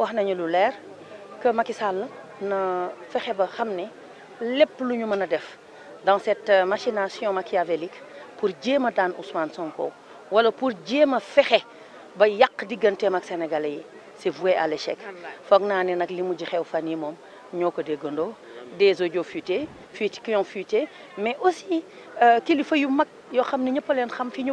wax nañu lu leer que Macky Sall na fexe ba xam ne lépp lu def dans cette machination machiavélique pour jéem a Ousmane Sonko wala pour jéem fexé ba yaq digganteem ak sénégalais yi c'est voué à l'échec foog naa ne nag li mujj xew fani mom ñoko ñoo des audios fuités fuités qui ont fuité mais aussi euh, kilifa yu mak yo xamné ne ñëpp leen xam fi ñu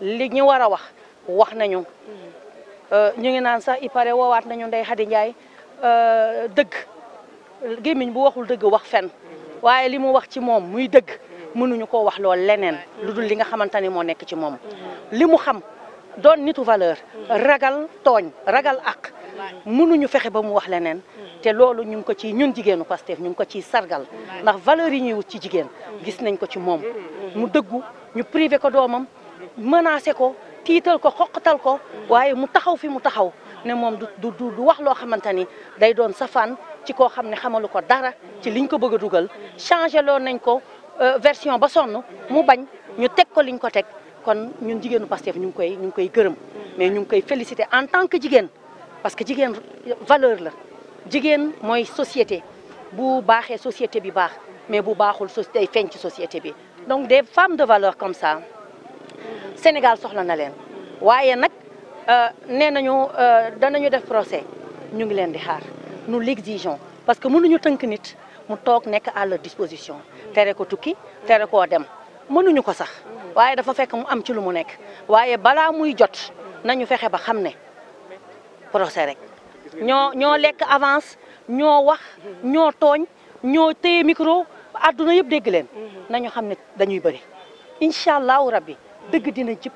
li ñu war a wax wax nañu mm-hmm. euh, ñu ngi naan sax i pare woowaat nañu Ndeye Khady Ndiaye euh, dëgg gémmiñ bu waxul dëgg wax fen mm-hmm. waaye li mu wax ci moom muy dëgg mm-hmm. mënuñu koo wax lool leneen lu dul li nga xamante ni moo nekk ci moom li mu xam doon nitu valeur ragal tooñ ragal ak mënuñu fexe ba mu wax leneen te loolu ñu ngi ko ci ñun jigéenu Pastef ñu ngi ko ciy sargal ndax valeur yi ñuy wut ci jigéen gis nañ ko ci moom mu dëggu ñu privé ko doomam menacé ko tital ko xoqatal ko waye mu taxaw fi mu taxaw ne mom du du du wax lo xamante day doon safaan ci ko xam xamaluko dara ci liñ ko bëgg a changer lo nañ ko euh, version ba sonn mu bañ ñu tek ko liñ ko tek kon ñun jigenu Pastef ñu koy ñu koy gërëm mais ñu koy féliciter en tant que jigen parce que jigen valeur la jigen moy société bu baxé société bi bax mais bu baxul société day société bi donc des femmes de valeur comme ça Sénégal soxla na waye nak euh nous euh danañu def procès ñu ngi len di xaar nous l'exigeons parce que mënuñu à nit mu tok nek à leur disposition de ko tukki tere ko dem mënuñu ko sax waye dafa fekk mu am ci lu mu nek waye bala muy jot nañu fexé ba xamné procès rek ño ño lekk avance ño wax ño togn ño micro aduna yëpp dégg leen nañu xamné dañuy bëri inshallah rabbi deug dina ci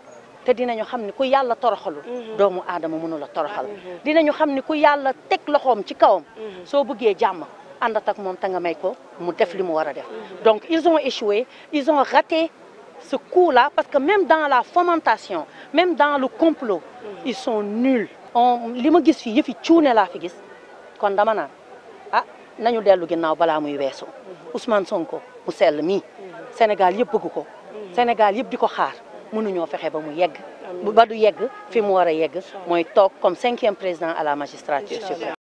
te dinañu xamni ku yalla toroxalul mhm. doomu adama mënu la toroxal mhm. dinañu xamni ku yalla tek loxom ci kawam mhm. so bëggé jamm andat ak mom te nga may ko mu def limu wara def donc ils ont échoué ils ont raté ce coup là parce que même dans la fomentation même dans le complot ils sont nuls on lima ma gis fii yëfi cuune laa fi gis kon dama na ah nañu delu ginnaaw bala muy wesso Ousmane Sonko mu sel mi Sénégal yëpp bëgg ko Sénégal yëpp diko xaar nous fexe ba mu yegg ba du yegg fi mu comme cinquième président à la magistrature